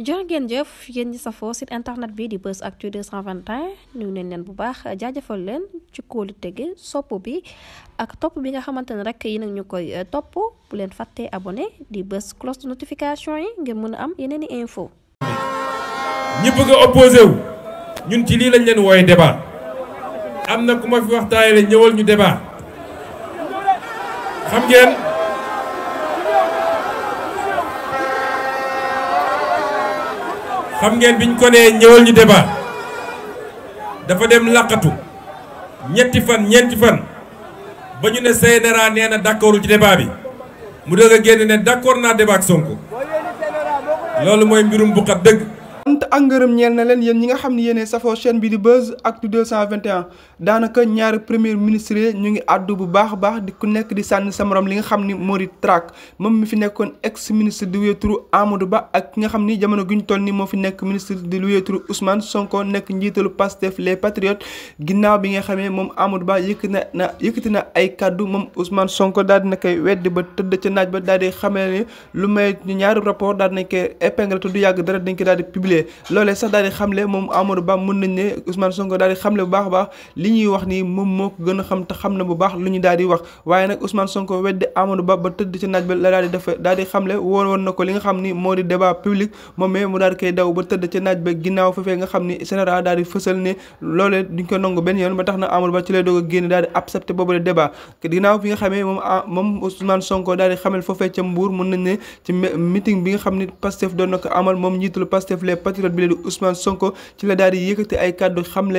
jërë ngeen jëf yéen ñi safoo site internet bi di Buzz Actu 221 ñu neen leen bu baax jaajëfal leen ci koolu tege sopp bi ak topp bi nga xamante ne rek yi nag ñu koy eh, topp bu leen fàttee abone di bës cloche de notification yi ngir mën a am yeneen i info ñi bëgg a ñun ci lii lañ leen wooye débat am na ku ma fi waxtaanee ñëwal ñu débat xam ngeen xam ngeen biñ ko nee ñëwal ñu débat dafa dem làqatu ñetti fan ñeenti fan ba ñu ne CNRA nee na d'accordul ci débat bi mu dëgg a génn ne d'accord naa débat ak Sonko loolu mooy mbirum bu dëgg ak ngërëm na leen yéen ñi nga xam ne yéenee safoo chaîne bi di Buzz Actu 221 daanaka ñaari premier ministre ñu ngi àddu bu baax a baax di ku nekk di sànni sa morom li nga xam ni moo di moom mi fi nekkoon ex ministre di wéeturu Amadou Ba ak ki nga ni jamono guñ toll ni moo fi nekk ministre di wéeturu Ousmane Sonko nekk njiitalu Pastef les Patriotes ginnaaw bi nga xamee moom Amadou Ba yëkkati na na yëkkati na ay kaddu moom Ousmane Sonko daal dina koy weddi ba tëdd ca naaj ba daal di xamee lu may ñaari rapport daal dinañ koy épingle te du yàgg dara dañ ko daal di publier loole sax daal di xamle moom Amadou Ba mën nañ ne Ousmane Sonko daal di xamle bu baax a baax li ñuy moom moo ko a xam te na bu baax lu ñu daal di wax waaye nag Ousmane Sonko weddi Amadou Ba ba tëdd ci naaj bi na ko nga xam ni moo di débat public moom mu daal di koy daw nga xam ni général daal di fësal ne loolee yoon ba tax na a génn daal di accepté boobu le débat ginnaaw ah, foofee ca Mbour mën nañ ne meeting bi nga xam ni Pastef doon na bi leen di Ousmane Sonko ci la daal di yëkkati ay kàddu xamle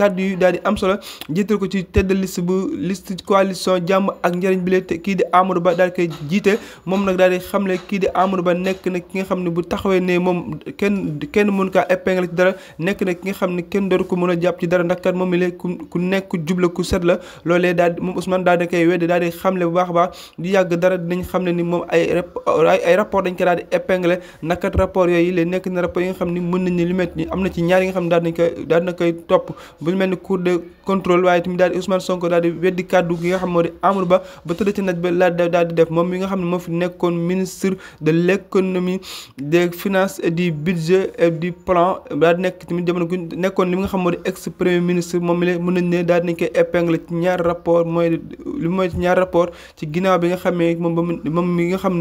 kàddu yu daal di am solo jiital ko ci tedd liste bu liste coalition jàmm ak njëriñ bi leen kii di Amadou Ba daal koy jiite moom nag daal di xamle kii di Amadou Ba nekk na ki nga xam ne bu taxawee ne moom kenn kenn mën kaa épingle nekk na ki nga xam ne kenn dootu ko mën a jàpp ci dara ndax moom mi ku ku nekk ku jubla ku set la loolee daal di moom Ousmane daal di koy weddi daal di xamle bu baax a baax di yàgg dara dinañ xam ne ni moom ay ay rapport dañ ko daal di épingle nakat xam ni mën nañ ne lu mel ni am na ci ñaar yi nga xam ne daal nañ na koy topp bu mel ni cour de contrôle waaye tamit daal di Ousmane Sonko weddi kàddu gi nga xam moo di Amadou Ba ba tëdd ci moom mi nga xam ne moo l' économie des finances et du budget et du plan daal di nekk tamit jamono nga xam moo di ex premier ministre moom la mën ba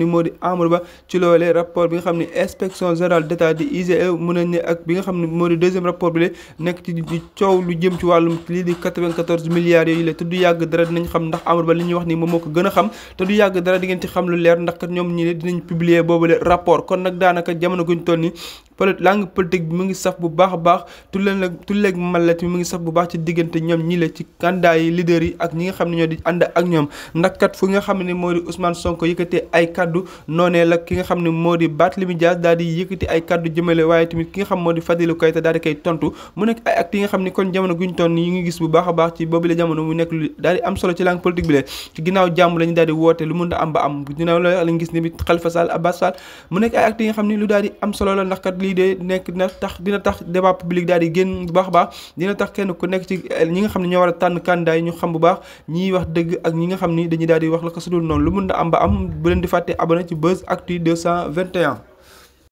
moo di Amadou Ba ci loolee rapport bi nga xam ni inspection générale d' di IGE mën nañ ne ak bi nga xam ne moo di deuxième rapport bi la nekk ci coow lu jëm ci wàllum lii di 94 milliards yooyu la te du te du yàgg dara di ngeen xam ni ndax kat fu nga xam ne moo di Ousmane Sonko yëkkatee ay kaddu noonee ki nga xam ne moo di Barthélémy Dias daal di yëkkati ay kaddu jëmale waaye tamit ki nga xam moo di Fadilou Keita daal di koy tontu mu nekk ay actes yi nga xam ni kon jamono guñ toon yi ngi gis bu baax a baax ci boobu jamono mu nekk lu daal di am solo ci langue politique bi lee ci ginnaaw a am ba am ginnaaw la lañ gis ni Khalifa Sall Abbas Sall mu nekk ay actes yi xam ni lu daal am solo la ndax kat lii dee nekk dina tax dina tax débat public daal di génn bu baax a baax dina tax kenn ku nekk ci ñi nga xam ne ñoo war a tànn candidat yi ñu xam bu baax ñiy wax dëgg ak ñi nga xam ni dañuy daal di wax la ko sudul noonu lu mën a am ba am bu leen di fàtte abonné ci Buzz